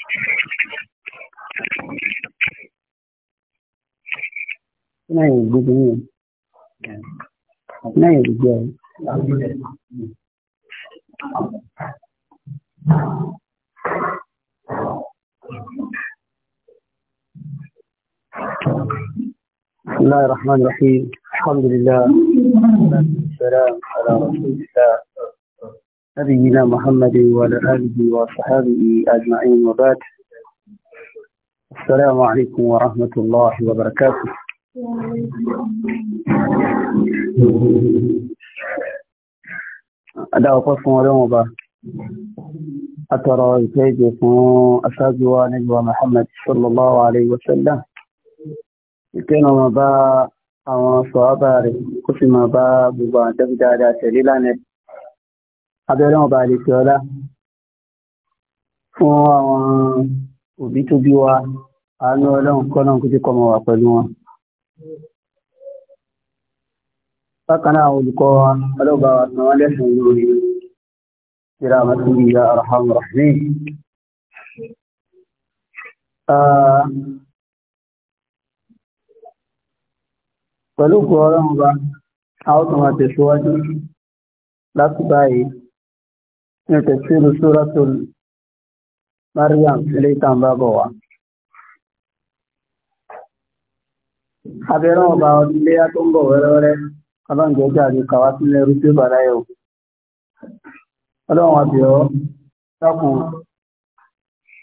بسم الله الرحمن الرحيم الحمد لله والسلام على رسول الله نبينا محمد وعلى آله وصحبه أجمعين وبعد السلام عليكم ورحمة الله وبركاته أدعو قصة ولوم أترى كيف أشهد ونجوى محمد صلى الله عليه وسلم كان ما با àwọn sọ̀rọ̀ bá rẹ̀ kó sì máa bá gbogbo àjọ́bí abẹ́rẹ́ ọba àlejò ọlá fún àwọn òbí tó bí wa àánú ọlọ́run kọ́lọ́run kó tí kọ́ mọ́ wa pẹ̀lú wọn. bákan náà àwọn olùkọ́ wa ọlọ́ba wa san wọ́n lẹ́sùn lórí ìrà àmọ́sí ìyá arham rahman. pẹ̀lú kọ́ ọlọ́run ọba a ó máa tẹ̀síwájú láti báyìí ní tafsir suratul Maryam ilé ìtàn bá bọ̀ wá. Abẹ́rán ọba ilé tó ń bọ̀ wẹ́rẹ́wẹ́rẹ́, ọlọ́njẹ́ jáde kàwá sílẹ̀ rúdú bàláyọ̀. Ọlọ́run àbíọ́ dákun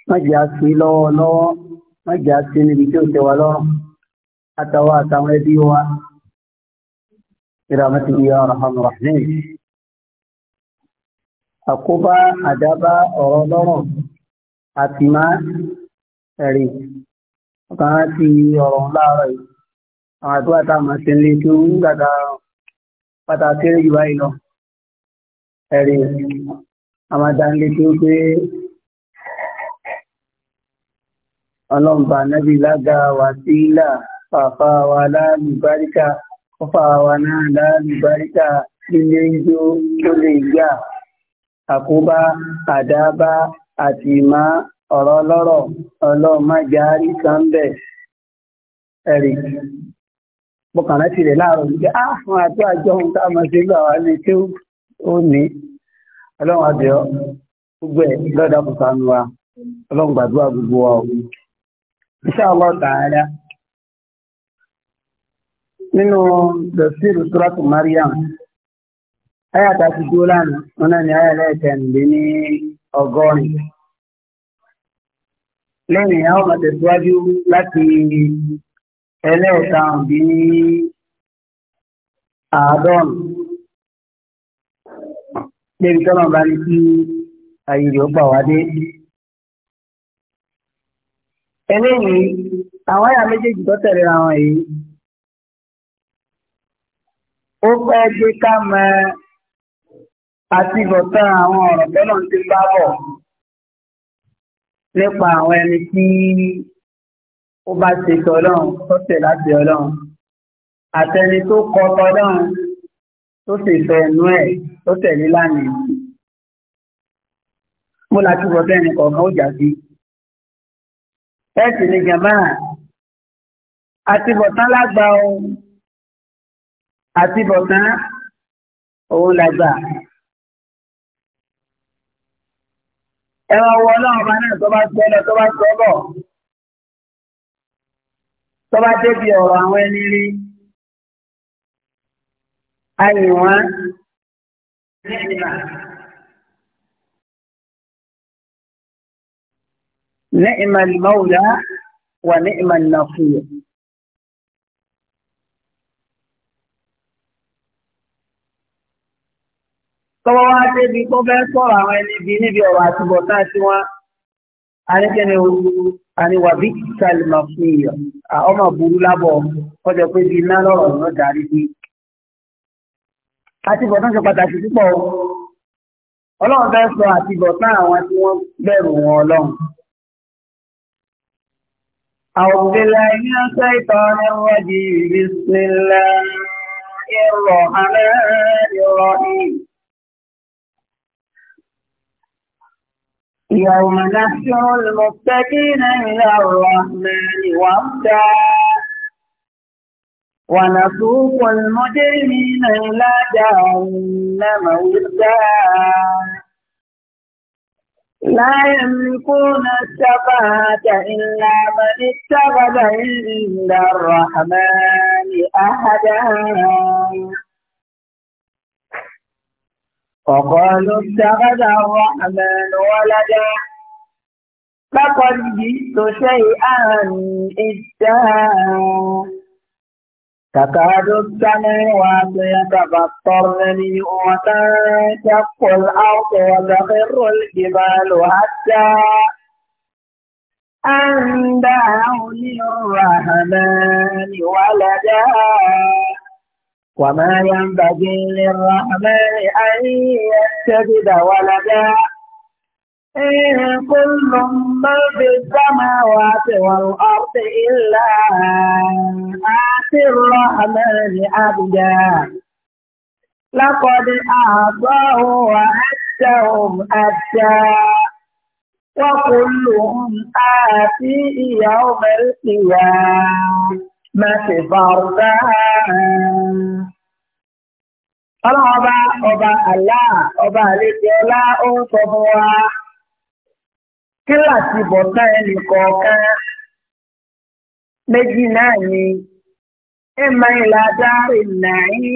mọ́jẹ́ àti lọ́wọ́ lọ́wọ́ mọ́jẹ́ àti níbi tí ó tẹ wa lọ́rùn àtàwọn àtàwọn ẹbí wa. Ìràmọ́tì ìyá ọ̀rọ̀ hàn ràhìn àkóbá àdábá ọ̀rọ̀ lọ́rọ̀ àti má ẹ̀rí ọ̀kan láti ọ̀rọ̀ láàárọ̀ yìí àwọn àdúrà tá a máa ṣe lé tó ń gbàgbà pátá kéré jù báyìí lọ ẹ̀rí àwọn àdánilé tó pé ọlọ́mbà nábì lága wà sí ilà fàfà wa láàbì báríkà fọ́fà wa náà láàbì báríkà nílé ijó tó lè gbà àkóbá àdábá àti ìmá ọ̀rọ̀ lọ́rọ̀ ọlọ́mọjárí kan bẹ̀ ẹ̀rì bọ́kànlá ti rẹ̀ láàrọ̀ nígbà ah, á fún àti àjọ ohun tá a mọ̀ sí gbà wá ní tí ó ní ọlọ́run àbẹ̀ọ́ gbogbo ẹ̀ lọ́dà kò sánú wa ọlọ́run gbàdúrà gbogbo wa o iṣẹ́ ọlọ́ta ara nínú the seal Suratu Maryam Aya ta ti dúró lánàá, wọn náà ni aya ẹlẹ́ẹ̀kẹ́rìndé ní ọgọ́rin. Lẹ́yìn àwọn máa tẹ̀síwájú láti ẹlẹ́ẹ̀karùn bí àádọ́rùn. Débi tọ́lọ̀ bá ní kí ayé rẹ̀ ó gbà wá dé. Eléyìí, àwọn àyà méjèèjì tó tẹ̀lé àwọn yìí. Ó fẹ́ gbé ká máa àti ìbọ̀tán àwọn ọ̀rọ̀ tọ́nà ti bá bọ̀ nípa àwọn ẹni tí ó bá ṣe tọ́lọ́run tọ́tẹ̀ láti ọlọ́run àtẹni tó kọ tọ́lọ́run tó sì fẹ́ ẹnu ẹ̀ tó tẹ̀lé lánàá mo láti bọ̀ bẹ́ẹ̀ nìkọ̀ọ̀kan ó jàdí bẹ́ẹ̀ sì ni jàmbá àti bọ̀tán lágbàá ohun àti bọ̀tán òun làgbà. ẹ̀rọ wọ ọlọ́run bá náà tó bá tó ẹlọ tó bá tó bọ̀ tó bá débi ọ̀rọ̀ àwọn ẹni rí ayè ní ìmàlì wà ní ìmàlì tọ́wọ́ wá débi tó fẹ́ sọ̀rọ̀ àwọn ẹni bí níbi ọ̀rọ̀ àtúbọ̀tá sí wọn anikẹ́ni aniwabi kalima fún iyọ̀ ọmọ burú lábọ̀ ọjọ́ pé bíi iná lọ́rọ̀ náà darí sí. àtúbọ̀tán ṣe pàtàkì púpọ̀ ọlọ́run fẹ́ sọ àtúbọ̀tán àwọn tí wọ́n bẹ̀rù wọn ọlọ́run. أعوذ بالله من الشيطان الرجيم بسم الله الرحمن الرحيم يوم نحشر المتقين إلى الرحمن وفدا ونسوق المجرمين إلى جهنم وردا لا يملكون الشفاعة إلا من اتخذ عند الرحمن أحدا وقالوا اتخذ الرحمن ولدا لقد جئت شيئا إدا تكاد السماوات يتفطرن منه وتنشق الأرض وتخر الجبال حتى أن دعوا للرحمن ولدا وما ينبغي للرحمن أن يتخذ ولدا إن كل من في السماوات والأرض إلا آتي الرحمن عبدا لقد أعطاه وأتهم أتى وكلهم آتي يوم القيامة má ti fọ́ọ̀rọ̀dá. Ọlọ́run ọba ọba àlá ọba àlejò ọlá ó ń sọ fún wa. Kíláàsì bọ̀tá ẹnì kọ̀ọ̀kan méjì náà ni. Ìmọ̀ ìlà dárì nàí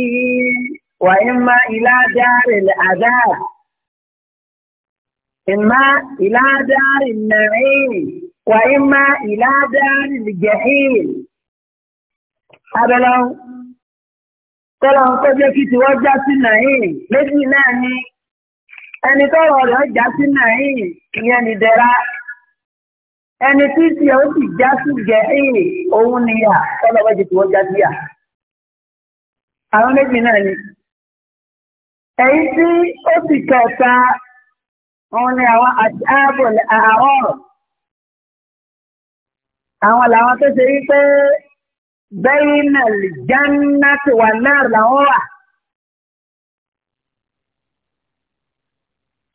wà ìmọ̀ ìlà dárì àdá. Ìmọ̀ ìlà dárì nàí wà ìmọ̀ ìlà dárì jẹ̀hìn. abẹ́láhùn kọ́lá ń kọjá kí na já sí nàíyìn náà ni ẹni tọ́rọ̀ rẹ̀ já sí nàíyìn ìyẹn ní dẹ́ra ẹni tí tí ó sì já sí gẹ̀ẹ́yìn òun níyà kọ́lá wájú tiwọ́ já sí yà àwọn náà ni tí bẹ́yìn àlìjánnáti wà náà làwọn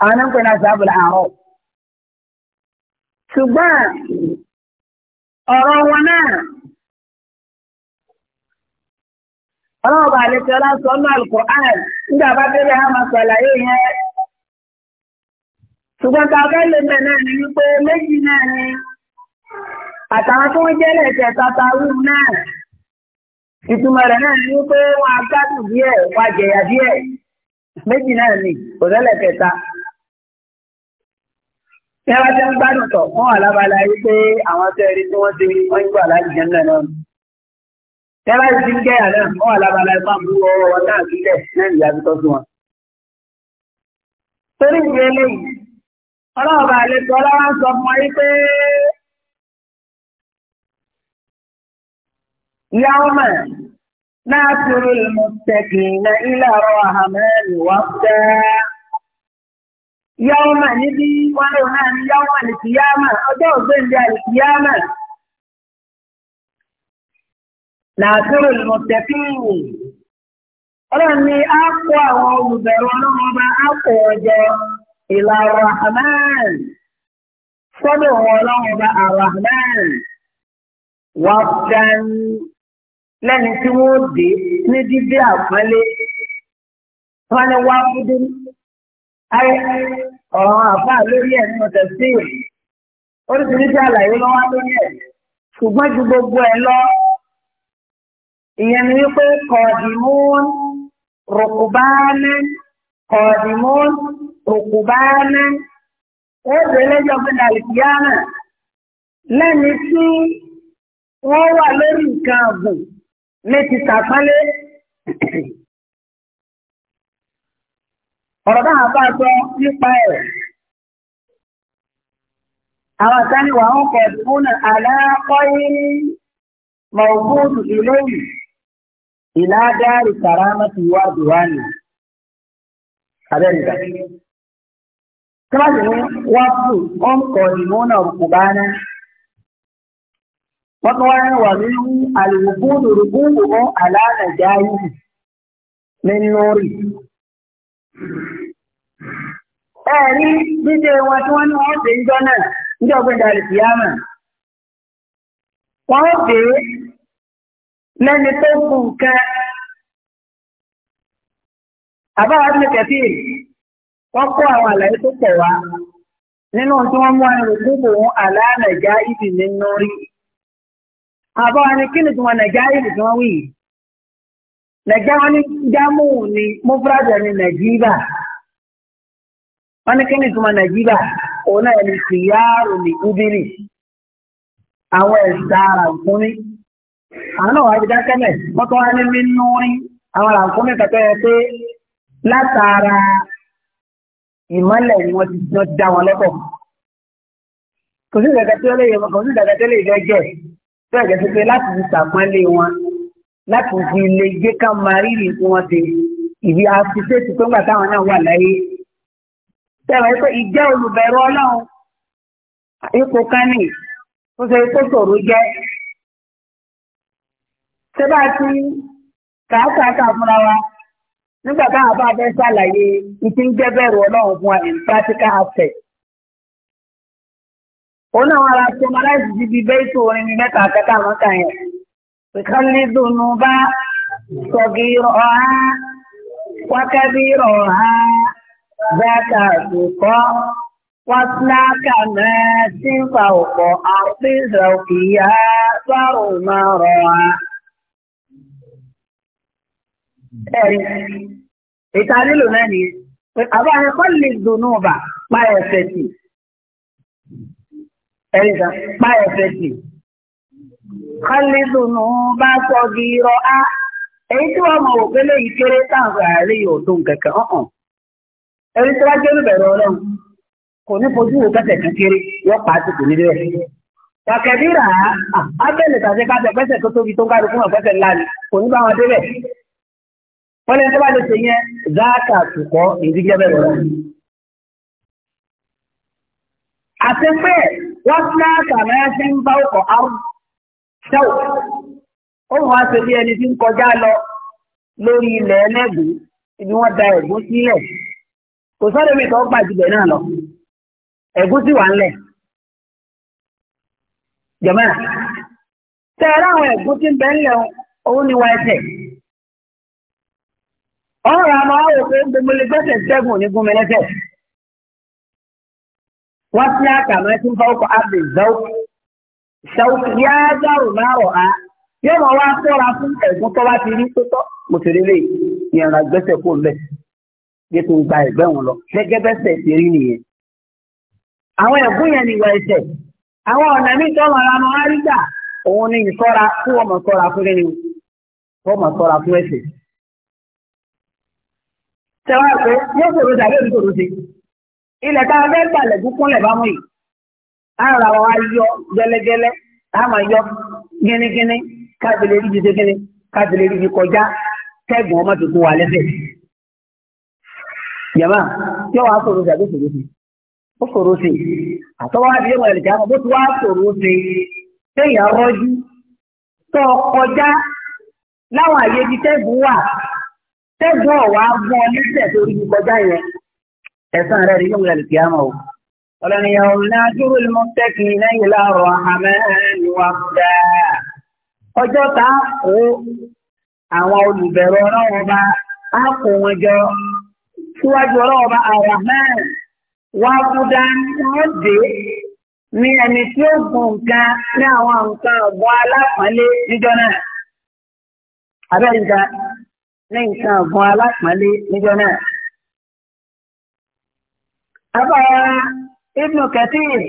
àwọn náà ń pè ní àṣàbùlà ṣùgbọ́n ọ̀rọ̀ wọn náà ọlọ́run bá lè tẹ́lá sọ ní bá bẹ́rẹ̀ á yẹn. a ìtumọ̀ rẹ̀ náà ni pé wọ́n á gbádùn díẹ̀ wọ́n á jẹ̀yà díẹ̀ méjì náà ni kò tẹ́lẹ̀ kẹta. Tí wọ́n ti ń gbádùn tọ̀ wọ́n wà lábala yìí pé àwọn tó ẹni tí wọ́n ti wọ́n ń gbọ́ àlàjì náà náà ni. Tí wọ́n ti ń gẹ̀yà náà wọ́n wà lábala yìí máa ń bú ọwọ́ wọn náà sílẹ̀ náà ìyá fi tọ́jú wọn. Torí ìdí eléyìí, ọlọ́ọ̀bà àlejò ọlọ́wọ́ ń sọ fún wa yìí pé يوم نعثر المتقين إلى الرحمن وفدا يوم نبي ولنا يوم القيامة أدو زند القيامة ma, المتقين ọlọ́run ndị a kó àwọn olùbẹ̀rù ọlọ́run ọba a kó ọjọ́ ọba lẹ́ni tí wọ́n dé ní dídé àpọ́nlé wọ́n ní wá fúdú ayé ọ̀ràn àfà lórí ẹ̀ ní ọ̀tẹ̀ sí ẹ̀ oríṣiríṣi àlàyé lọ́wọ́ lórí ẹ̀ ṣùgbọ́n ju gbogbo ẹ̀ lọ ìyẹn ni wípé kọ̀ọ̀dìmún rùkùbáánà kọ̀ọ̀dìmún rùkùbáánà ó dé lẹ́jọ́ pé dàlùkìyàmà lẹ́ni tí wọ́n wà lórí nǹkan ọ̀gbìn ní ti tàpánlé ọ̀rọ̀ náà bá sọ nípa ẹ̀ àwọn àtàníwà ń kọ̀ fún aláàkọ́yí mọ̀gbọ́dù ìlóyìn ìládàárì kàrámàtì wà dùwánì abẹ́rẹ́dà kíláàsì ní wọ́pù ó ń kọ̀ ìmúnà rùkùbánà wọ́n wá wà nínú àlùbúdù rúbúdù mọ́ àlànàjà yìí nínú rí. ẹ rí dídé wọn tí wọ́n ní wọ́n dé ńjọ́ náà ńjọ́ gbẹ̀dà àlùfíàmà wọ́n dé lẹ́ni tó kù nǹkan àbáwá àbọ̀ wa ni kí ni tiwọn nàìjíríà ni tiwọn wí yìí nàìjíríà wọn ni jámù ni mufrad ni nàìjíríà wọn ni kí ni tiwọn nàìjíríà òun náà ni tìyàrù ni ubiri àwọn ẹ̀sà àràǹkúnmí àwọn náà wàá fi dákẹ́ mẹ́ wọ́n tún wá ní nínú àwọn àràǹkúnmí kẹtẹ́ yẹ pé látara ìmọ́lẹ̀ ni wọ́n ti dá wọn lọ́tọ̀ kò sí ìdàgbàsílẹ̀ yẹn tó ẹ̀jẹ̀ pípé láti fi sàpọ́nlé wọn láti fi lè gbé ká máa rírì tí wọ́n ti ìdí àfiṣẹ́tì tó ń gbà táwọn náà wà láyé. Tẹ̀wọ̀ pé ìjẹ́ olùbẹ̀rù ọlọ́run ipò kánì tó ṣe tó ṣòro jẹ́. Ṣé bá ti kàákàákà fúnra wa nígbà táwọn bá fẹ́ ṣàlàyé ìtí ń jẹ́ bẹ̀rù ọlọ́run fún wa in practical aspect òun náà wọn ara tó ọmọ láìsí ti di bẹ́ẹ̀ tó orin mẹ́ta àtẹ́kà lọ́kà yẹn ìkan lè dùnú bá sọ̀gì rọ̀ á wákàbí rọ̀ á bẹ́ẹ̀ka àtúkọ́ sí ń fa ọ̀pọ̀ àti ìṣòkìyà sọ̀rọ̀ máa rọ̀ ẹ̀rí ìta nílò náà nìyẹn àbá ẹ̀kọ́ dùnú bá pa ẹ̀sẹ̀ tì ẹ̀yìnká pa ẹ̀fẹ̀ sí. kálídùnú bá sọ di irọ́ á èyí tí wọ́n mọ̀ wò pé léyìí kéré táwọn àárẹ̀ yóò tó kẹ̀kẹ́ ọ̀hún. ẹni tí wọ́n kéré bẹ̀rẹ̀ ọlọ́run kò ní fojú wo kẹsẹ̀ kan kéré wọ́n pa á ti kò ní bẹ́ẹ̀. wàkẹ́bí rà á abẹ́lẹ̀ tàbí káfẹ́ pẹ́sẹ̀ tó tóbi tó ń kárí fún ọ̀pẹ́sẹ̀ ńlá ni kò ní bá wọn débẹ̀. wọ́n lẹ́ni tó bá lè ṣe yẹn záàkà àtùkọ́ ìdíjẹ́ bẹ̀rẹ̀ ọlọ́run. àti wọ́sílá sàmẹ́sí ń bá ọkọ̀ áwù ṣẹ́wọ̀ ó wọ́n aṣọ bí ẹni tí ń kọjá lọ lórí ilẹ̀ ẹlẹ́gùn ibi wọ́n da ẹ̀gún sílẹ̀ kò sọ́dọ̀ mi tó gbà jùlọ náà lọ ẹ̀gún sì wà ńlẹ̀ jọ̀mọ́ tẹ̀rẹ́ àwọn ẹ̀gún tí ń ńlẹ̀ òun ni wọ́n ẹsẹ̀ ọ̀rọ̀ àmọ́ àwọn gbogbo lè gbẹ́sẹ̀ sẹ́gun ò ní gún mi lẹ́sẹ̀ wasi'a kama tin fawqa ardi zawq zawq ya daru ma ra'a yóò mọ wá sọ́ra fún ẹ̀gbọ́n tó bá ti rí tótọ́ mo ti rí lè yàrá gbẹ́sẹ̀ kó lẹ̀ bí tó ń gba ẹ̀gbẹ́ wọn lọ gẹ́gẹ́ bẹ́sẹ̀ ti rí nìyẹn. àwọn ẹ̀gbọ́n yẹn ni ìwà ẹ̀ṣẹ̀ àwọn ọ̀nà ní tọ́lọ̀ ara wọn á òun ni ìṣọ́ra kí wọ́n sọ́ra fún kíni ilẹ̀ tá a fẹ́ gbàlẹ̀ kúkúnlẹ̀ bá mú yìí ara wa yọ gẹ́lẹ́gẹ́lẹ́ tá a máa yọ gínígíní kábìlẹ̀ ríbi ṣe gíní kábìlẹ̀ ríbi kọjá kẹ́gùn ọmọ tuntun wà lẹ́sẹ̀. yàrá tí wàá sọ̀rọ̀ sí àbí sọ̀rọ̀ sí ó sọ̀rọ̀ sí àtọwọ́ àti yẹ́wọ̀n ẹ̀lẹ́jà àmọ́ bó ti wá sọ̀rọ̀ sí téèyàn rọ́jú tó kọjá láwọn àyè ibi tẹ́gùn wà tẹ́gùn ọ̀wá gbọ́ lẹ́sẹ̀ ẹ̀sán rẹ̀ rí lóòrùn àlùkìyàmọ̀ o. ọlọ́ni ọ̀hún náà dúró lè mọ tẹ́kì lẹ́yìn láàrọ̀ àmẹ́rin wa dá. ọjọ́ ta kó àwọn olùbẹ̀rù ọlọ́wọ́ bá á kó wọn jọ síwájú ọlọ́wọ́ ní ẹni tí ó gùn nǹkan ní àwọn nǹkan ọ̀gbọ́n alápọ̀nlé níjọ́ náà. abẹ́rẹ́ nǹkan ní nǹkan ọ̀gbọ́n alápọ̀nlé níjọ́ náà. Bàbá Ibn Kathir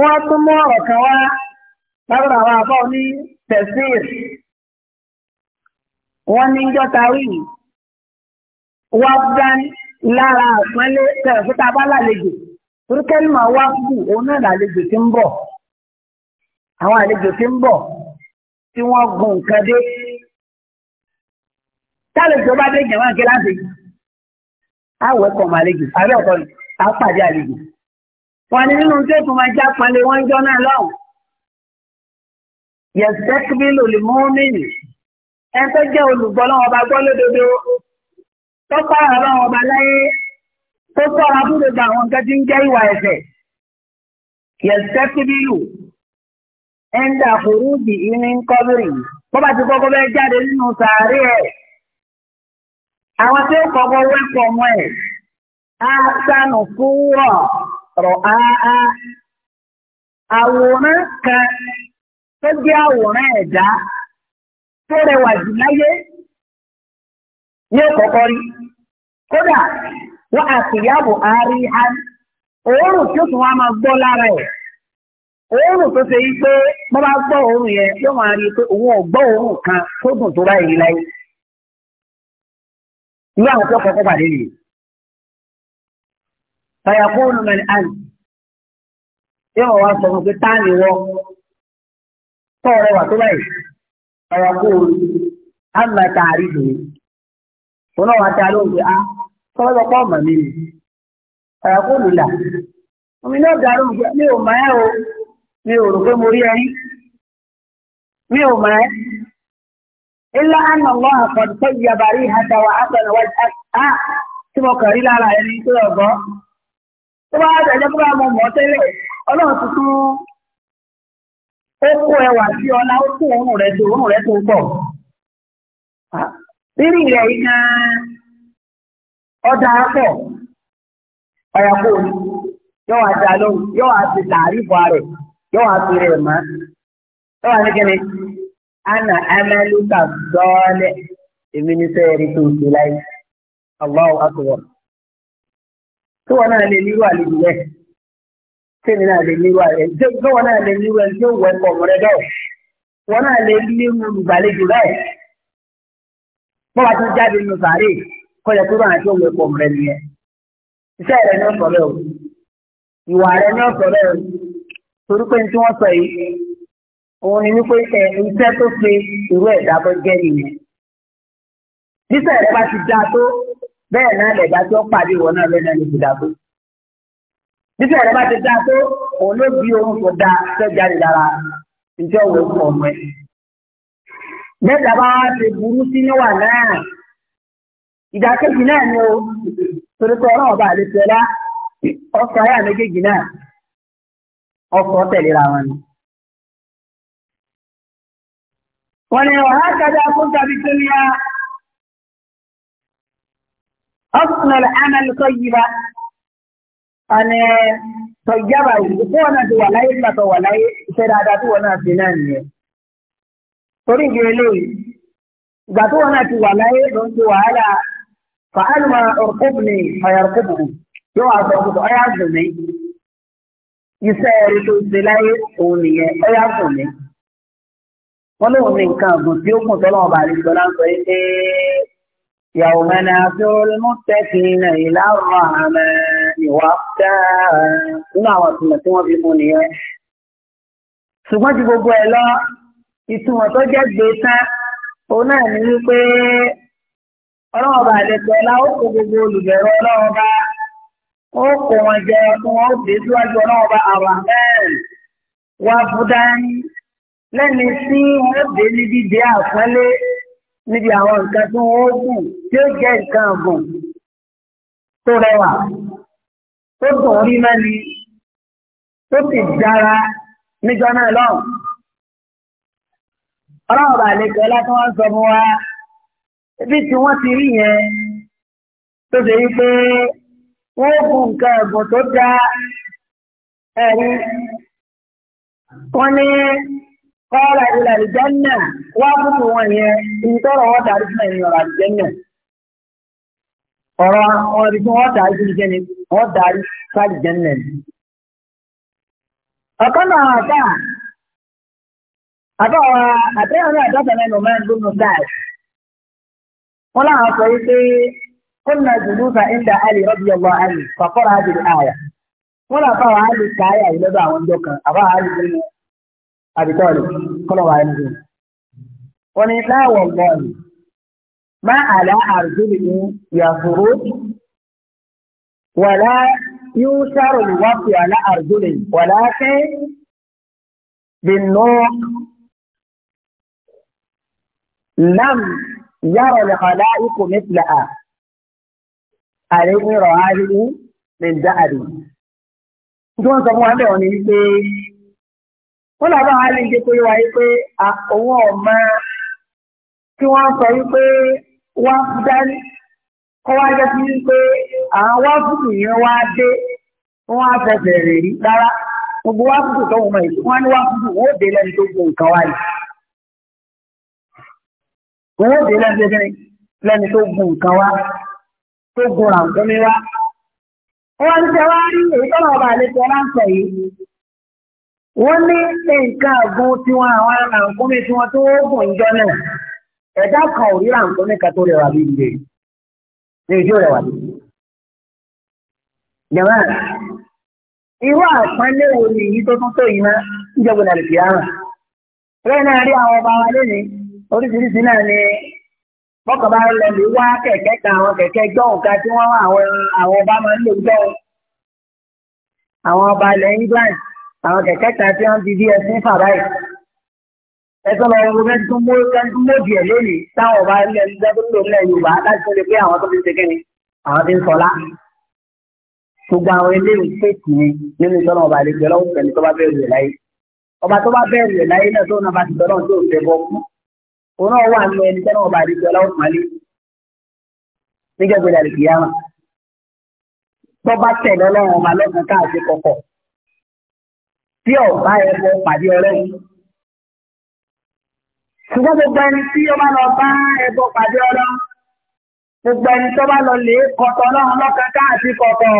wọ́n tún mú ọ̀rọ̀ kan wá lábàbà àwọn àbọ̀ ní Tafsir. Wọ́n ní jọ́ta wí. Wọ́n dán lára àpọ́nlé tẹ̀rẹ̀ fún tá a bá lálejò. Turkey máa wá fún òun náà lálejò tí ń bọ̀. Àwọn àlejò tí ń bọ̀ tí wọ́n gun nǹkan Tálejò bá dé jẹ̀wọ́n kí láti yìí á wẹ́kọ̀m àlejò àbẹ́ ọ̀kọ́ ni á pàdé àlejò. wọ́n ní nínú tí ètò máa já pọnlé wọ́n ń jọ́ náà lọ́hùn. yẹ̀sẹ̀kìbílò lè mú mìíní ẹni tó jẹ́ olùgbọ́ lọ́wọ́ ọba gbọ́ lódodo tó kọ́ra lọ́wọ́ ọba láyé tó kọ́ra fún gbogbo àwọn nǹkan tí ń jẹ́ ìwà ẹ̀ṣẹ̀. yẹ̀sẹ̀kìbílò ẹni dàkúrú bì í ní kọ́bìrì bó bá ti kọ́kọ́ bẹ́ẹ̀ jáde nínú sàárè ẹ̀ àwọn tí ó kọ́kọ́ wẹ́pọ̀ mọ́ ẹ̀ á sánù fúwọ́ rọ̀ áá àwòrán kan tó jẹ́ àwòrán ẹ̀dá tó rẹwà jù láyé ní òkọ̀kọ́ rí kódà wọ́n àtìyàwó àárí hàn òórùn tí ó tún wá máa gbọ́ lára ẹ̀ òórùn tó ṣe yí pé wọ́n bá gbọ́ òórùn yẹn yóò máa rí i pé òun ò gbọ́ òórùn kan irú àwọn tó kọ́kọ́ pàdé nìyí. fàyàkóònù mẹ́rin àná yóò wá sọ fún pé táàmì wọ tọ́ọ̀rẹ́ wà tó báyìí fàyàkóònù àmà tààrí dùn wọn náà wà tá a lóhùn pé a ah, tọ́lọ́dọ̀ pọ̀ mọ̀ mí ni fàyàkóònù là omi náà dàrú mi ò mọ̀ ẹ́ o mi ò rò pé mo rí ẹ rí mi ò mọ̀ ẹ́. إلا أن الله قد طيب ريحك وحسن وجهك ها تبقى قريلا يعني تبقى tọ́wọ́ àtẹ̀jẹ́ yóò lóhùn yóò ana amaluka dọ́ọ̀lẹ̀ èmi ní sẹ́yẹ̀rì tó ṣe láyé Allahu akbar. tí wọn náà lè nírú àlejò rẹ tí èmi náà lè nírú àlejò rẹ tí wọn náà lè nírú ẹni tó wọ ẹ̀kọ́ rẹ wọn náà lè nírú olùgbàlejò bẹ́ẹ̀ bọ́wá tó jáde nínú sàárè kọjá tó rà àti òun ẹ̀kọ́ rẹ nìyẹn iṣẹ́ rẹ ní ọ̀sọ̀ rẹ o ìwà rẹ ní ọ̀sọ̀ rẹ o torí pé ní tí wọ́n sọ yìí òun ni wípé ẹ iṣẹ́ tó ṣe ìwé ìdábọ̀ jẹ́ nìyẹn. ti dáa tó bẹ́ẹ̀ náà lẹ̀dá tí ó pàdé ìwọ náà lẹ́nu ẹni ti dáa tó. ti dáa tó òun ló bí ohun tó da fẹ́ jáde ìjọ òwe fún ọmọ ẹ. Mẹ́ta bá wá ṣe burú sí níwà ni o, torí pé ọlọ́run ọba àlejò ọlá ọkọ̀ ayà méjèèjì náà ọkọ̀ ولي وهكذا كنت في الدنيا أصل العمل طيبا أنا طيبا يكون ولاي ما ولاي شهادات وانا سنان torí ìdí eléyìí ìgbà tó wọn àti wà láyé ló ń ṣe wàhálà fàálùmọ ọrùkùnrin ọyọrùkùnrin yóò wà sọ fún ọyà zùmí iṣẹ́ rẹ̀ tó ṣe láyé òun nìyẹn ọyà zùmí wọ́n lóun ní nǹkan ọ̀gùn tí ó gùn tọ́lọ́wọ́n bá àlejò láǹsọ yìí pé ìyàwó mẹ́ni afẹ́rọ́lẹ́mú tẹ́kìnnà ìlàrọ̀ àmẹ́ ìwà dáa nínú àwọn ìtumọ̀ tí wọ́n fi mú nìyẹn. ṣùgbọ́n ju gbogbo ẹ̀ lọ ìtumọ̀ tó jẹ́ gbé tán òun náà ní wípé ọlọ́wọ́n bá àlejò ọlá ó gbogbo olùbẹ̀rọ ọlọ́wọ́n bá ó kó wọn jẹ fún wọn ó dé lẹ́ni tí wọ́n dé níbi dé àpọ́nlé níbi àwọn nǹkan tí wọ́n dùn tí ó jẹ́ nǹkan ọ̀gùn tó rẹwà tó dùn rí mẹ́ni tó sì dára níjọ náà lọ́wọ́. ọlọ́run bá lè kọ́lá tí wọ́n sọ fún wa ibi tí wọ́n ti rí yẹn tó ṣe yí pé wọ́n fún nǹkan ọ̀gùn tó dá ẹ̀rí wọ́n ní. kọ́ra ilẹ̀ àlìjẹ́nà wá fúnfù wọn yẹn ibi tọ́rọ wọ́n darí ọrụ ẹ̀yìn ọ̀rọ̀ àlìjẹ́nà ọ̀rọ̀ àwọn ibi tí wọ́n darí fún ìjẹ́ni wọ́n darí fún àlìjẹ́nà ni. ọ̀kan náà àtà àbá wa àtẹ́yàn náà àtọ́tẹ̀ náà ló máa ń gbóná dáì àbítọ́ọ̀lù kọ́lọ̀wà ẹnu wọn ni láwọ̀ lọ́ọ̀lù má àlá àrùjúlì ní yàtúrú wàlá yóò sáré wáfì àlá àrùjúlì wàlá fẹ́ bínú لم يرى الخلائق مثلها عليه رعاه من ذهب. Ìjọba sọ fún wa wọ́n làbá wa lè jẹ́ pé wáyé pé òun ọ̀mọ tí wọ́n sọ wípé wọ́n dání kọ́ wá jẹ́ sí wípé àwọn wáfùtù yẹn wá dé wọ́n á fẹsẹ̀ rè rí rárá gbogbo wáfùtù tó wọ́n mọ̀ èyí wọ́n ní wáfùtù wọ́n ó dé lẹ́nu tó gbé nǹkan wáyé wọ́n ó dé lẹ́nu tó gbé lẹ́nu tó gbé nǹkan wá tó gbé ràǹkómi wá. wọ́n ti ṣe wá rí èyí tó lọ́wọ́ bá àlejò ọlá ń sọ yìí wọ́n ní nǹkan àgún tí wọ́n àwọn àǹkómi tí wọ́n tó gùn ìjọ náà ẹ̀dá kan ò rí àǹkómi kan tó rẹwà bí ìgbé ní ìjọ rẹwà bí. jẹ̀mọ́ irú àpọ́nlé wo ni èyí tó tún tó yìí ná níjọba náà lè ara bẹ́ẹ̀ náà rí àwọn ọba wa lónìí oríṣiríṣi náà ni bọ́kàn bá lọ lè wá kẹ̀kẹ́ kan àwọn kẹ̀kẹ́ gbọ́hùn ká tí wọ́n àwọn ọba máa ń lò gbọ́hùn àwọn ọba ilẹ̀ England àwọn kẹ̀kẹ́ kan tí wọ́n ti bí ẹsìn fàdá yìí ẹsọ lọ wo mẹsì tó mórí kan tó mórí ẹ lónìí táwọn ọba ilẹ̀ nígbà tó lò nílẹ̀ Yorùbá láti tó lè pé àwọn tó ti ṣe kẹ́ni àwọn ti ń sọlá gbogbo àwọn eléyìí fèsì ni nínú ìtọ́nà ọba àlejò ọlọ́run pẹ̀lú tó bá bẹ̀rù rẹ̀ láyé ọba tó bá bẹ̀rù rẹ̀ láyé náà tó náà bá ti tọ́nà tó ṣe bọ́ kú òun náà wà nínú ẹni tọ́nà ọba àlejò ọlọ́run pàlẹ́ nígbàgbọ́dà lè kìyàmà tó bá tẹ̀lé ọlọ́run ọba lọ́sàn-án káàkiri kọ̀kọ̀ tí ọba ẹbọ pàdé ọlọ́run. ṣùgbọ́n gbogbo ẹni tí ó bá lọ bá ẹbọ pàdé ọlọ́run gbogbo ẹni tó bá lọ lè kọ̀tọ̀ náà lọ́kàn káàkiri kọ̀tọ̀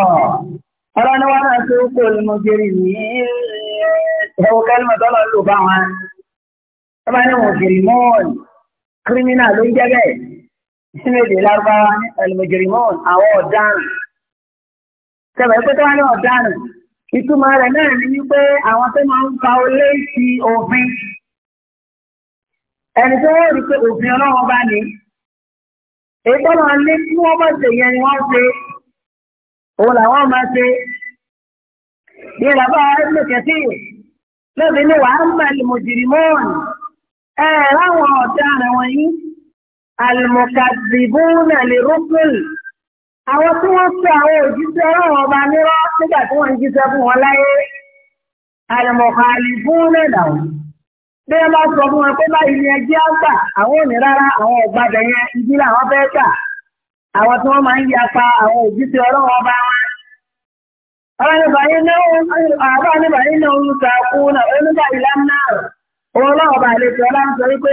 ọlọ́run ni wọ́n náà ṣe ó kó olùmọ̀gẹ́rì ní ẹ̀wọ̀n kẹ́lìmọ̀ tọ́lọ̀ ń lò bá wọn. tó bá ní wọn ògèrè mọ́ọ̀lù kírímínà ló ń jẹ́ bẹ́ẹ̀ sínú èdè lárúbáwá ní olùmọ̀gẹ́rì mọ́ọ̀lù àwọn ọ̀daràn. tẹ̀wẹ̀ pé ìtumọ̀ rẹ̀ náà ni wípé àwọn tó máa ń ka olé ti òfin ẹni tó rí pé òfin ọlọ́run bá ní èyí tó tí wọ́n bá ṣe yẹn ni wọ́n ṣe òun làwọn máa ṣe bí bàbá ẹgbẹ́ kẹtì lóbi ní wàá mọ ìmọ̀jìrìmọ́ọ̀nì ẹ láwọn ọ̀tá rẹ̀ wọ̀nyí àlùmọ̀kàdìbò náà lè rọ́pùlù àwọn tí wọ́n sọ àwọn òjíṣẹ́ ọlọ́run ọba nírọ́ nígbà tí wọ́n ń jíṣẹ́ fún wọn láyé àlùmọ̀kàlì fún nàdà wọn. bí wọ́n bá sọ fún wọn pé báyìí ni ẹjẹ́ àgbà àwọn òní rárá àwọn ọ̀gbàdàn yẹn ibi làwọn fẹ́ kà àwọn tí wọ́n máa ń yapa àwọn òjíṣẹ́ ọlọ́run ọba wọn. ọlọ́nìbàyí náà àbá náà ń ta náà oníbàyí lánàá òun náà ọba àlejò ọlá ń sọ wípé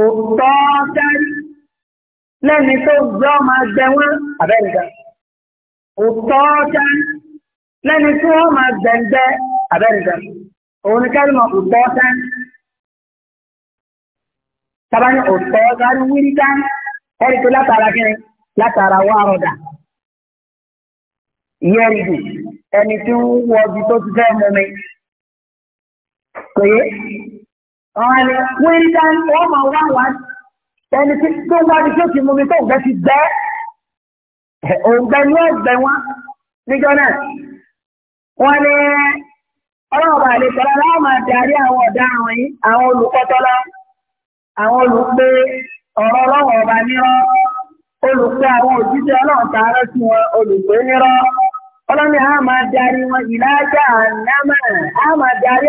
kò tọ́ dárí lẹ́ni tó gbọ́ máa jẹ wọ́n àbẹ́ǹdà kò tọ́ dárí lẹ́ni tí wọ́n máa gbẹ̀ǹdẹ́ àbẹ́ǹdà òun ni kẹ́rì mọ̀ kò tọ́ dárí tàbá ní kò tọ́ dárí wírí dárí ẹ̀rí tó látara kiri látara wọ́n àrọ̀dà ìyẹn ẹni tí ń wọ tó ti fẹ́ mú mi kò yé. ọ̀rẹ́ ni wọ́n ń dá wọ́n máa wá wá ẹni tí tó ń wájú tó ti mú mi tó ń gbẹ ti gbẹ ni gbẹ wọn níjọ náà ọlọ́ọ̀bà láwọn máa darí àwọn ọ̀daràn yìí àwọn olùkọ́tọ́lá àwọn ọ̀rọ̀ ọlọ́wọ̀ ọba nírọ́ àwọn òjíṣẹ́ ọlọ́run sí wọn nírọ́ ọlọ́ni a máa darí wọn ìlàjà máa darí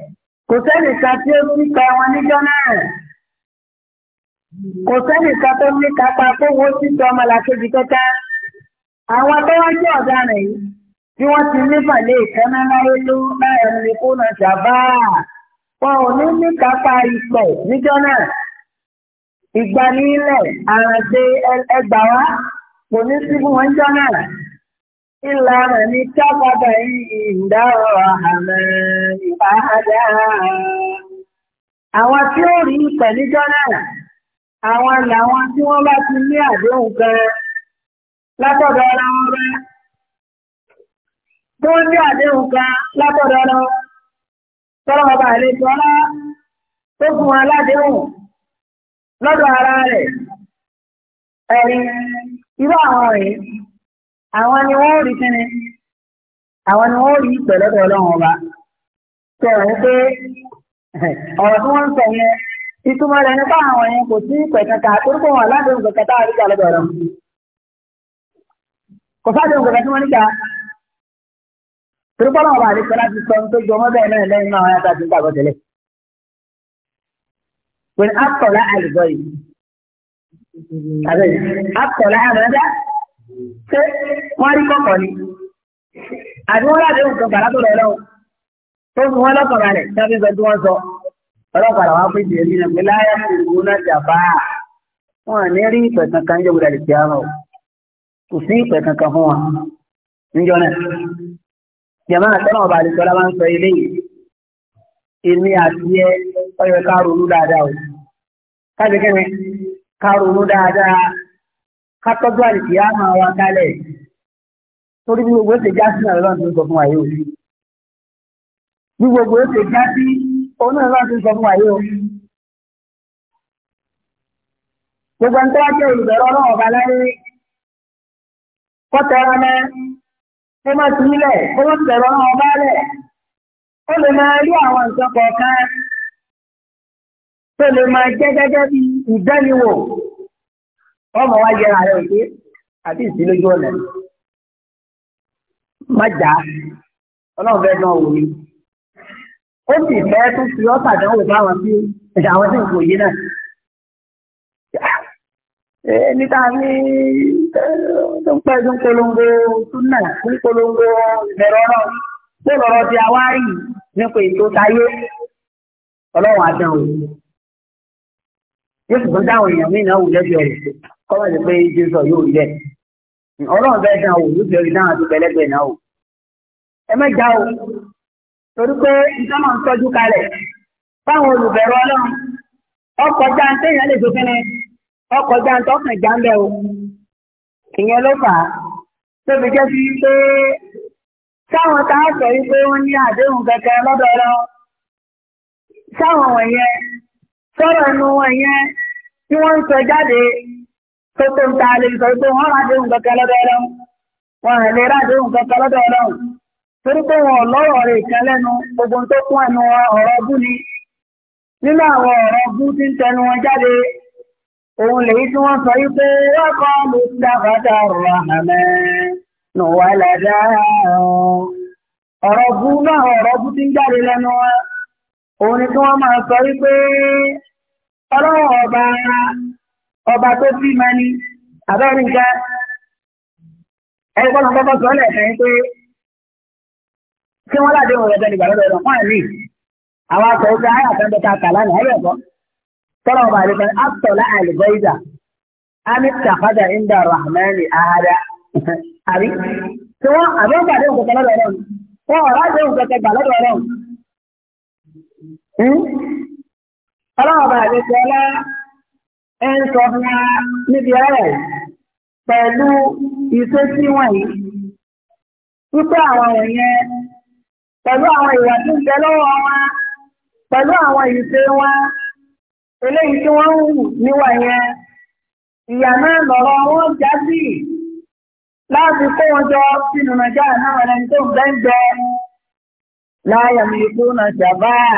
kò sẹ́nìkan tí ó kíkọ wọn níjọ́ náà kò sẹ́nìkan tó ní kápá tó wo títọ́ ọmọlàkejì kẹta àwọn tó wá jẹ́ ọ̀daràn yìí tí wọ́n ti ní pàlẹ́ ìkànnà láyé ló láàrin ní kóná ṣàbá wọn ò ní ní kápá ìpẹ̀ níjọ́ náà ìgbanilẹ̀ àràǹdè ẹgbàá wa kò ní sí fún wọn níjọ́ náà. إلا من اتخذ àwọn tí ó rí pẹ̀lújọ́ náà àwọn làwọn tí wọ́n bá ti ní àdéhùn kan látọ̀dọ̀ ara wọn tó ní àdéhùn kan ara wọn ọba àlejò ọlá tó fún àwọn ni wọ́n rí kíni àwọn ni wọ́n rí pẹ̀lẹ́pẹ̀ ọlọ́run ọba sọ wọn pé ọ̀rọ̀ tí wọ́n ń sọ yẹn ìtumọ̀ rẹ̀ nípa àwọn yẹn kò sí aládùn tá a rí kò tí wọ́n níta torípọ́ náà wà ní láti sọ tó jọmọ́ bẹ́ẹ̀ náà lẹ́yìn náà wọn láti gbàgbọ́ tẹ́lẹ̀ pé akọ̀lá àlùbọ̀ yìí ṣé wọ́n rí kọ̀kọ̀ ni àbí wọ́n láti ohun kan gbàrà tó lọ lọ́wọ́ tó fi wọ́n lọ́kàn balẹ̀ tábí sọ tí wọ́n sọ ọlọ́pàá wa pèsè èmi náà pé láyà ìlú náà jàmbá wọn ní rí ìpè kankan ní ìjọba ìdìtì àárọ̀ kò sí ìpè kankan fún wa níjọ náà jàmbá àtẹnà ọba àdìsọ la máa ń sọ eléyìí èmi àti ẹ ọyọ ká ronú dáadáa o ká ronú dáadáa kátọ́jú àlìkìyà máa wá kálẹ̀ torí bí gbogbo ó ṣe já sí náà lọ́nà tó ń sọ fún wa yìí o bí gbogbo ó ṣe já sí òun náà lọ́nà tó ń sọ fún wa yìí o gbogbo ń tọ́wọ́ jẹ́ olùbẹ̀rọ ọlọ́wọ́ ọba lẹ́rìí kọ́tẹ́ ẹran mẹ́ kó má ti nílẹ̀ kó má tẹ̀rọ ọlọ́wọ́ ọba lẹ̀ ó lè máa rí àwọn nǹkan kọ̀ọ̀kan tó lè máa jẹ́ gẹ́gẹ́ bí ìdánilò ọmọ wa yẹra rẹ òkè àti ìsìn lójú ọ̀nà má jà á ọlọ́run fẹ́ náà wò ni ó sì fẹ́ tún fi ọ́ sàdánwò fáwọn tí àwọn tí nǹkan òye náà ẹni tá a ní tó ń pẹ́ tó ń polongo súnà tó ń polongo ìbẹ̀rẹ̀ ọ̀rọ̀ tó lọ́rọ̀ di awárì nípa ètò táyé ọlọ́run àdánwò yóò sì tún dáhùn èèyàn mí náà wù lẹ́bi ọ̀rọ̀ kọ́wọ́ ti pé jésù yóò rí bẹ́ẹ̀ ọlọ́run bẹ́ẹ̀ dán o lóṣù orí náà ti pẹ̀lẹ́pẹ̀ náà o ẹ má o torí pé ìtọ́nà ń tọ́jú kalẹ̀ fáwọn olùbẹ̀rù ọlọ́run ọkọ̀ jáǹtẹ́ yẹn lè dókè ní ọkọ̀ jáǹtẹ́ ọkàn jáǹbẹ́ o ìyẹn ló fà á tó fi jẹ́ sí pé sáwọn tá a sọ yìí pé wọ́n ní àdéhùn kẹkẹ lọ́dọ̀ sáwọn wọ̀nyẹn sọ̀rọ̀ nu wọ̀nyẹn tí wọ́n ń sọ jáde tó tó ń ta lè sọ pé wọ́n máa dé nǹkan kan lọ́dọ̀ ọlọ́run wọn à lè ráde nǹkan kan lọ́dọ̀ ọlọ́run torí pé wọn lọ́rọ̀ rẹ̀ kan lẹ́nu gbogbo tó kún ẹnu wọn ọ̀rọ̀ bú ni nínú àwọn ọ̀rọ̀ bú tí ń tẹnu wọn jáde òun lèyí tí wọ́n sọ wípé wọ́n kọ́ ló ti dábàdà ọ̀rọ̀ àmẹ́ nù wá làdá ọ̀rọ̀ bú náà ọ̀rọ̀ bú tí ń jáde lẹ́nu wọn òun ni tí wọ́n máa sọ wípé ọlọ́wọ́ ọba ọba tó bí ma ní àbẹ́rẹ́ ga ẹgbẹ́ náà sọ́lẹ̀ pé tí wọ́n láti wọ̀ ẹ̀jẹ̀ nígbà lọ́dọ̀ fún àmì àwọn akọ̀ ojú ayé àtẹ́ńdẹ́ ká kà lánàá ẹ̀rọ tọ́lọ̀ ọba àlùkò àtọ̀lá àmì ìndà rahmani ahada àbí tí wọ́n ẹ ń sọ fún wa níbi ọ̀rọ̀ pẹ̀lú ìṣesí wọ̀nyí wípé pẹ̀lú àwọn ìwà tí ń bẹ lọ́wọ́ wa pẹ̀lú àwọn ìṣe wa eléyìí tí wọ́n ń wù níwà yẹn ìyà náà lọ́rọ̀ wọn já sí láti kó wọn jọ sínú nàìjíríà náà ẹni tó ń bẹ́ẹ̀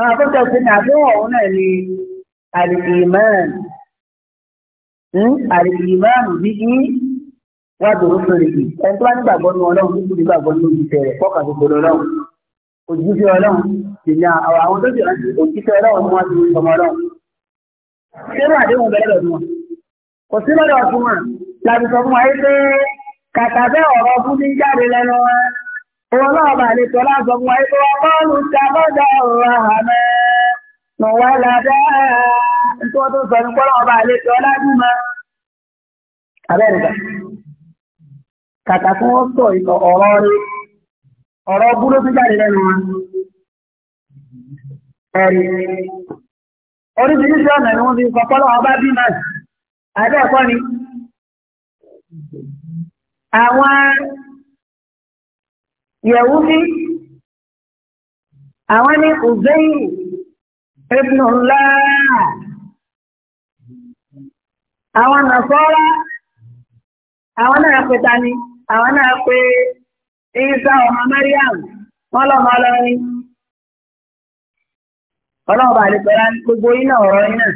àwọn akọ́kọ́ sí ní àdéhùn ọ̀hún náà ni àlìkìmán hmm? àlìkìmán bí i wá dòrò sórí yìí ẹni tó bá nígbàgbọ́ nu ọlọ́run tó kù nígbàgbọ́ nu ìṣẹ̀ rẹ̀ fọ́kà gbogbo ọlọ́run òjíṣẹ́ ọlọ́run ìyá àwọn tó jẹ́ òjíṣẹ́ ọlọ́run mú àti ọmọ ọlọ́run sínú àdéhùn bẹ̀rẹ̀ lọ́dún wọn kò sí lọ́dọ̀ ọ̀tún wọn làbìsọ̀ fún wa yìí pé kàkà bẹ́ẹ̀ ọ̀rọ̀ ọdún ní jáde lẹ́nu wọn. Ọlọ́ọ̀bà lè tọ́ lásọ mọ́ ipò ọlọ́rù tàbọ́dọ̀ ọ̀rọ̀ àmẹ́ tó tó sọ ní Abẹ́rẹ̀dà, kàkà fún sọ ìtọ̀ ọ̀rọ̀ ọ̀rọ̀ búrú tó jáde lẹ́nu wọn. Ẹ̀rí, oríṣiríṣi ọ̀nà ni wọ́n fi Yẹ̀wúdí, àwọn ní Uzayi, Ibn Allah, àwọn Nàfọ́lá, àwọn náà pe tani, àwọn náà pe Isa ọmọ Mariam, wọ́n lọ́mọ ọlọ́rin. Ọlọ́run bá lè pẹ̀lá gbogbo iná ọ̀rọ̀ iná.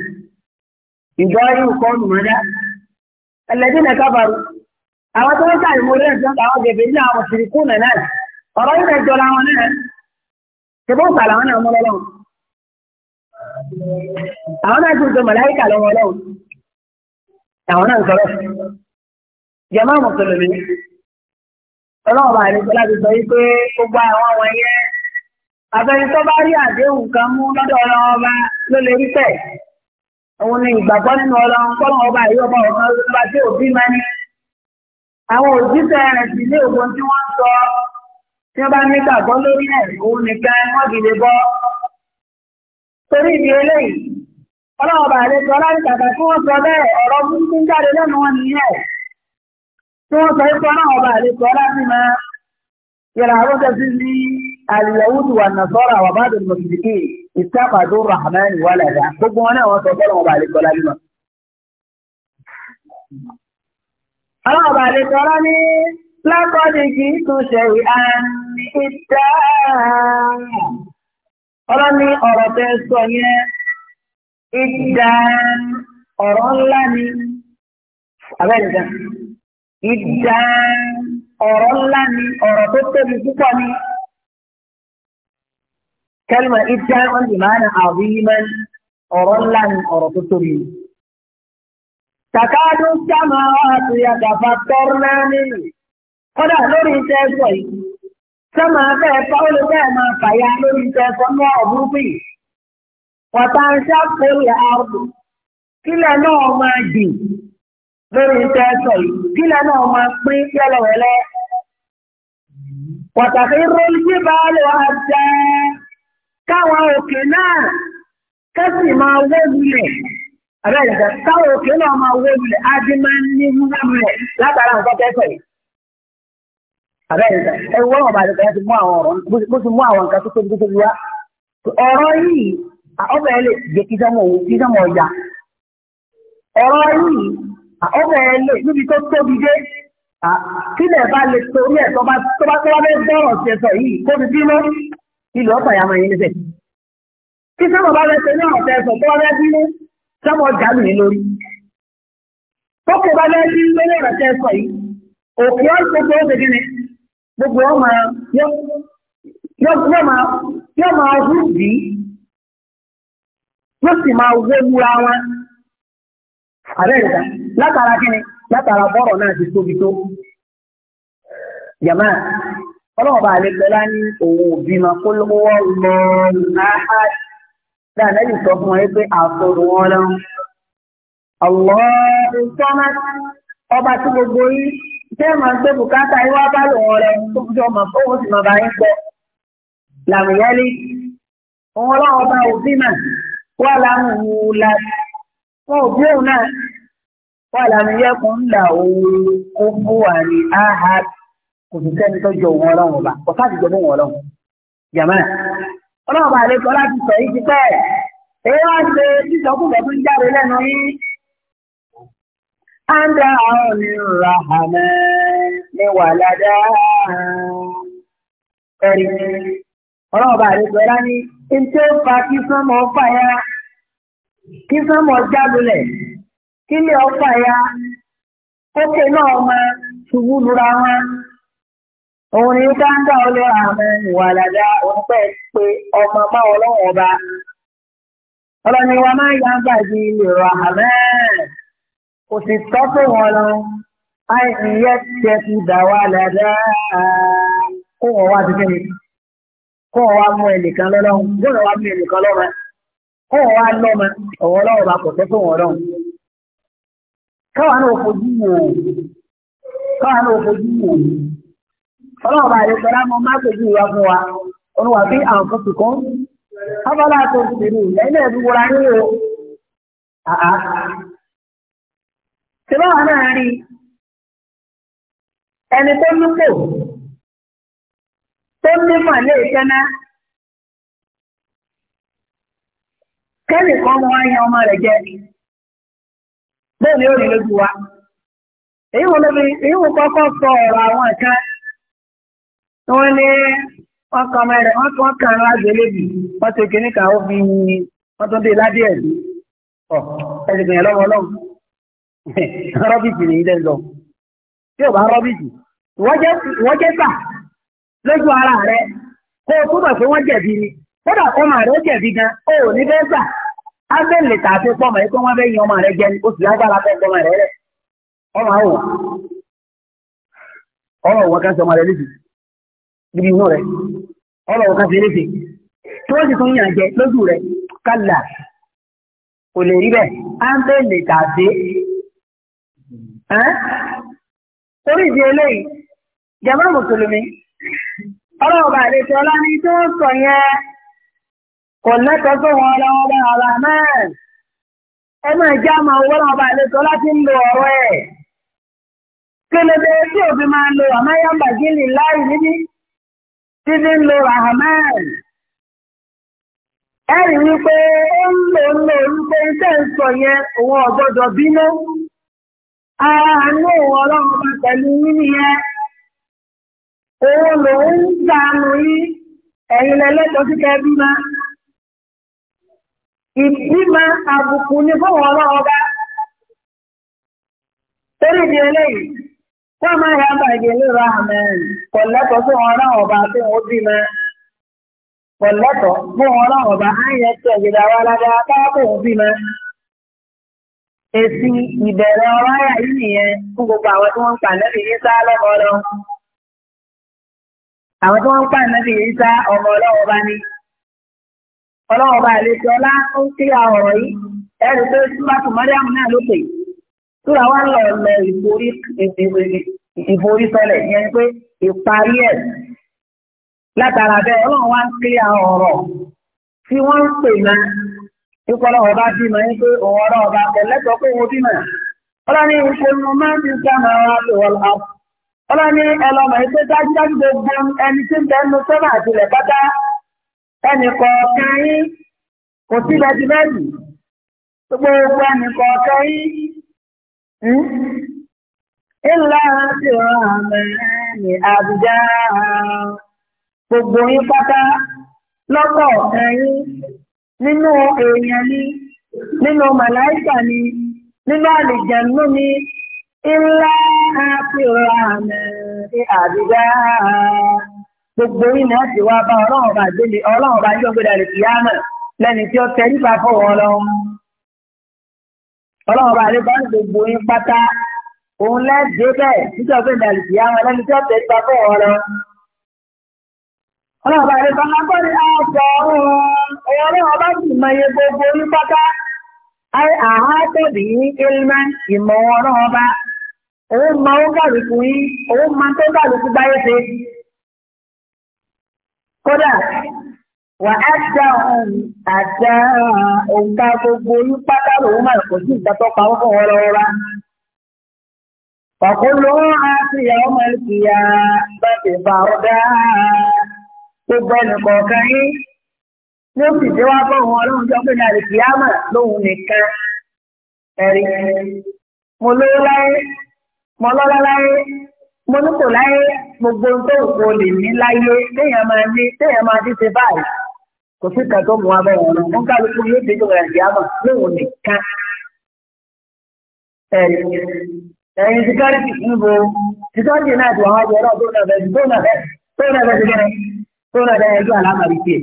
Ìjọ yóò kọ́ ọ̀nùmọ́dá. Ẹlẹ́dínlẹ̀ kábàrú. Àwọn tó ń sàrìmọ́ lẹ́sìn àwọn gẹ̀gẹ̀ ní àwọn ṣìrìkú náà ọ̀rọ̀ yìí rẹ̀ jọra wọn náà ṣùgbọ́n kà làwọn náà mọ́lẹ́ lọ́wọ́ àwọn náà tún jọ màláìkà lọ́wọ́ lọ́wọ́ àwọn náà ń sọ̀rọ̀ jẹ́mọ́ mùsùlùmí ọlọ́ọ̀bà àdìsọ́lá ti sọ wípé gbogbo àwọn ọmọ ẹ̀yẹ abẹ́ni tó bá rí àdéhùn kan mú lọ́dọ̀ ọlọ́run ọba ló lè rí tẹ̀ òun ni ìgbàgbọ́ nínú ọlọ́run kọ́lọ́ ọba yìí ọba ọ̀kan ló bá dé òbí mẹ́ni àwọn òjíṣẹ́ rẹ̀ sì ní ògbóhùn wọ́n sọ tí wọ́n bá ní gbàgbọ́ lórí ẹ̀ òun nìkan wọ́n ti lè bọ́. torí ìdí eléyìí ọlọ́wọ́ bá lè sọ láti kàkà tí wọ́n sọ bẹ́ẹ̀ ọ̀rọ̀ burúkú jáde lẹ́nu wọn nìyẹn tí wọ́n sọ ikú ọlọ́wọ́ bá lè sọ láti máa yẹra àwọn tẹ̀sí ní àlìyàwùdù wà nàṣọ́ra wà bá dùn mọ̀sídìkì ìtàkàdù rahman wà lẹ́yà gbogbo wọn náà wọ́n sọ ọlọ́wọ́ bá lè sọ láti máa. ọlọ́wọ́ bá lè sọ fi dáa. Ọlọ́ ní ọ̀rọ̀ tẹ sọ yẹn, ìdá ọ̀rọ̀ ńlá ni. Àbẹ́ẹ̀dá, ìdá ọ̀rọ̀ ńlá ni ọ̀rọ̀ tó tóbi púpọ̀ ni. Kẹ́lìmọ̀ ìdá wọn dì máa ń àbí mẹ́ ọ̀rọ̀ ńlá ni ọ̀rọ̀ tó tóbi. Tàkádùn sámà wà á ti náà nínú. Kọ́dà lórí iṣẹ́ sọ yìí sọ́mà bẹ́ẹ̀ pọ́ùlù bẹ́ẹ̀ máa fàyà lórí tẹ̀sán náà ọ̀bùrúkú yìí. Wọ̀tá ń ṣàkóyè àrùbù. Kílẹ̀ náà máa dì lórí tẹ̀sán yìí. Kílẹ̀ náà máa pín yẹ́lẹ̀wẹ́lẹ́. Pàtàkì rólí bí báàlù àjẹ káwọn òkè náà kẹ́sì máa wó lulẹ̀. Àbẹ̀rẹ̀ káwọn òkè náà máa wó lulẹ̀. Adé máa ń ní wúlò lulẹ̀ látara nǹkan tẹ̀sán yìí àbẹ́rẹ́ ẹ wọ́n ọba àdìgbà ti mú àwọn ọ̀rọ̀ bó ti mú àwọn nǹkan tó tóbi tó tóbi wá ọ̀rọ̀ yìí ọbẹ̀ lè jẹ́ kí sọ́mọ òun kí sọ́mọ ọjà ọ̀rọ̀ yìí ọbẹ̀ lè níbi tó tóbi dé kílẹ̀ bá lè torí ẹ̀ tó bá tó bá bẹ́ẹ̀ bọ́rọ̀ sí ẹ̀sọ̀ yìí kó fi bínú ìlú ọ̀pọ̀ ìyá máa yín níbẹ̀ kí sọ́mọ bá lè ṣe ní ọ̀sẹ̀ ẹ̀sọ̀ tó bá bẹ́ẹ̀ bínú sọ́mọ gbogbo wọn máa yọ máa hù bí yóò sì máa wéwúra wọn àbẹ́ ìgbà látara kíni látara bọ́rọ̀ náà ti tóbi tó yàmá ọlọ́ọ̀bà àlepẹ́lá ní òun òbí máa kó lówó lọ́ọ́ náà dáa lẹ́yìn sọ fún ẹ pé àfòrò wọn lọ́wọ́ ọ̀wọ́ ìtọ́nà ọba tí gbogbo yìí tẹ́ máa gbé bùkátà yín wá bá lòun rẹ tó fi ọmọ fóun sì máa bá yín gbọ́ làmìyẹ́lì òun ọlọ́wọ́ bá òbí mà wà láàmú la wọn òbí òun náà wà làmìyẹ́kùn ńlá òun kó fún wa ní áhà kò sì sẹ́ni tó jọ òun ọlọ́wọ́ bá kò sáà ti jọ bóun ọlọ́wọ́ jàmá ọlọ́wọ́ bá àlejò láti sọ yìí ti pẹ́ èyí wá ṣe sísọkúbọ̀ tó ń jáde lẹ́nu yín. أن دعوا للرحمن ولدا ẹ̀rí ọ̀rọ̀ ọba àdéjọ ní ntí ó fa kí ya kí sánmọ̀ jábulẹ̀ kí lè ya ókè náà máa ṣubú lura wọn òun ni ká ọlọ́run àmọ́ Ọrụ òǹpẹ́ pé kò sì tọ́ pé wọn lọ ìyẹn tiẹ̀ ti dà wá dáadáa kó wọn wá tuntun ni kó wọn wá mú ẹnìkan lọ́lọ́run gbọ́dọ̀ wá mú ẹnìkan lọ́mọ kó wọn wá lọ́mọ ọ̀wọ́ lọ́wọ́ bá kò tẹ́ fún wọn lọ́run. káwọn náà fojú wò ó káwọn náà fojú wò ó ọlọ́run bá lè sọ́ra mọ́ má gbèjú wa fún wa olùwà bí àwọn kan abala tó ń sèrè lẹ́yìn ẹ̀dúgbò ra ní o ṣùgbọ́n àwọn náà rí ẹni tó nípò tó nímọ̀ lè tẹ́ná kẹ́nìkan mọ́ wáyé ọmọ rẹ̀ jẹ́ ni bẹ́ẹ̀ ni ó rí lójú wa èyí wọn lóbi èyí wọn kọ́kọ́ sọ ọ̀rọ̀ àwọn kan wọ́n ní wọ́n kọ́ ọmọ rẹ̀ wọ́n kọ́ kàn án lágbélébì wọ́n ti kìnnìkan ó fi wọ́n tó dé ládìẹ̀ ọ̀ ẹ̀sìn ìgbìyànjú ọlọ́run rọ́bìtì nìyí lẹ́nu lọ tí ò bá rọ́bìtì wọ́n jẹ́ sà lójú ara rẹ kó o túbọ̀ pé wọ́n jẹ̀bi ni kódà ọmọ rẹ jẹ̀bi gan o ní bẹ́ẹ̀ sà pé o lágbára fẹ́ ọmọ rẹ rẹ ọmọ àwọn kan rẹ níbi inú rẹ kan fi tí wọ́n tún yàn jẹ torí ìdí eléyìí musulumi, mùsùlùmí ọlọ́ọ̀bà àlejò ọlá ní tí wọ́n sọ yẹn kò lẹ́tọ̀ọ́ tó wọn ọlọ́ọ̀bà alámẹ́ẹ̀ ẹ máa jẹ́ àmọ́ owó ọlọ́ọ̀bà àlejò láti ń lo ọ̀rọ̀ ẹ̀ kélébé tí òbí máa ń lo àmáyámbà gílì láì níbi ń lo àánú ọlọ́run bá pẹ̀lú yíní ẹ òun lòun ń dànù yí ẹ̀yin lẹ́lẹ́tọ̀ọ́ sí kẹbí ma ìbímọ àbùkù ni fún ọlọ́run bá torí di eléyìí wọ́n máa yà bàjẹ́ lóru àmẹ́rin kò lẹ́tọ̀ọ́ fún ọlọ́run ọba tí wọ́n bímọ kò lẹ́tọ̀ọ́ fún ọlọ́run ọba á yẹ kí ẹ̀jẹ̀ dáwọ́ alága bá kò bímọ. Èsì ìbẹ̀rẹ̀ ọláyà yìí nìyẹn fún gbogbo àwọn tí wọ́n ń pa ànábì Ìsá lọ́mọ ọlọ́run. Àwọn tí wọ́n ń pa ànábì Ìsá ọmọ ọlọ́run bá ní. Ọlọ́run bá àlejò ọlá ń kí ọ̀rọ̀ yìí. Ẹ̀rù pé Súbàtù Mọ́ríàmù náà ló pè. Súra wa ń lọ lọ ìborí sọlẹ̀ yẹn pé ìparí ẹ̀. Látara bẹ́ẹ̀ ọlọ́run wá ń kí ọ̀rọ̀ tí wọ́n ń pè náà. Ìkọ́lọ̀ ọba bí mọ̀ pé òun ọ̀rọ̀ ọba tẹ̀lẹ́tọ̀ pé òun bí mọ̀. Ọlá ní ìṣẹ́nu máa ń fi sáàmà wá lò wọ́n lọ. Ọlá ní ọlọ́mọ ìpé dájúdájú gbogbo ẹni tí ń bẹnu sọ́mà àtìlẹ̀ pátá. Ẹnì kọ̀ọ̀kan yín kò sí lẹ́jì mẹ́jì. Gbogbo ẹnì kọ̀ọ̀kan yín. Ìlà hmm, ti rán àmì ẹni àbújá. Gbogbo yín pátá lọ́kọ̀ọ̀kan yín nínú èèyàn ni nínú màláìkà ni nínú àlìjànú ni ńlá àfihàmẹ ní àbídá gbogbo iná ti wá bá ọlọ́run bá gbélé ọlọ́run bá yọ gbéra rẹ̀ kíámà lẹ́ni tí ó tẹrí bá fọ̀ wọn lọ. ọlọ́run bá lè bá gbogbo yín pátá òun lẹ́dẹ̀ẹ́ bẹ́ẹ̀ títí ọ̀gbìn ìdàlẹ̀ kíámà lẹ́ni tí ó tẹrí bá fọ̀ lọ. ọlọ́run bá lè bá wọn kọ́ ni a sọ ẹ̀yọ́ náà ọba sì mọ iye gbogbo orí pátá àá tẹ̀lé ilmẹ́ ìmọ̀ ọ̀rọ̀ ọba òun mọ ó kàlùkù yín òun mọ tó kàlùkù báyé ṣe. kódà wà á dá àdá òǹkà gbogbo orí pátá lòun máa kò sí ìgbà tó pa ọkọ̀ wọ́rọ́wọ́rọ́. Ọ̀kúnlọ́wọ́ á sì yà ọmọ ìkìyà bá ti bá ọ dáa. Gbogbo ẹnì kọ̀ọ̀kan yín ní oṣù tí wọ́n bọ̀ wọn lóhun tó gbéra rẹ̀ kìámà lóhun nìkan ẹ̀rí mo lówó láyé mo lọ́lá láyé mo ní kò láyé gbogbo tó kò lè ní láyé téèyàn máa ní téèyàn máa ti ṣe báyìí kò sí kan tó mú wa bẹ́ẹ̀ wọn mo ń kálukú yóò ti gbéra rẹ̀ kìámà lóhun nìkan ẹ̀rí ẹ̀yin sikárìtì níbo sikárìtì náà ti wọ́n wá jẹ́ náà tó náà bẹ́ẹ̀ tó náà bẹ́ẹ̀ tó náà bẹ́ẹ̀ tó náà bẹ́ẹ̀ ẹjọ́ àlámàrí tiẹ̀.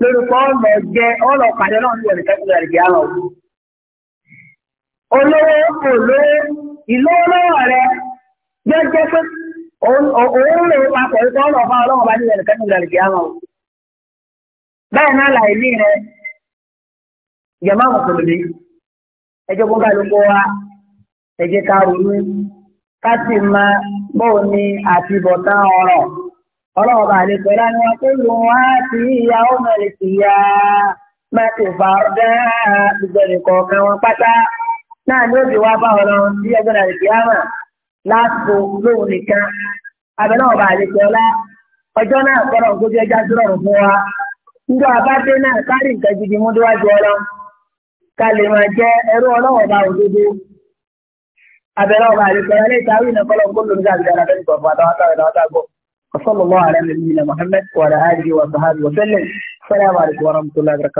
lórúkọ ọlọ jẹ ọlọ pàdé náà ní ìwọ̀n ìkẹ́kọ̀ọ́ ìrìnàjò àwọn òbí. olówó olówó ìlú olówó rẹ jẹjẹ pé òun lè papọ̀ ikọ̀ ọlọ fún ọlọ́wọ́ bá ní ìwọ̀n àwọn náà là ìlú rẹ ẹjọ́ kó wa ẹjẹ́ ká ronú ká sì máa ní ọlọ́ọ̀bà àlejòlá ni wọ́n tó lù wọ́n ya na ti fà ọ́ gbogbo ẹ̀kọ́ kan wọn pátá náà ni ó ti wá bá ọ̀rọ̀ sí ẹgbẹ́ rẹ̀ kí á mà láàbò lóhùn nìkan abẹ náà ọba àlejòlá ọjọ́ náà kọ́rọ̀ gbogbo ẹja fún wa náà kárí nǹkan gidi mú déwájú ọlọ́ máa jẹ ẹrú òdodo وصلى الله على نبينا محمد وعلى آله وصحبه وسلم السلام عليكم ورحمة الله وبركاته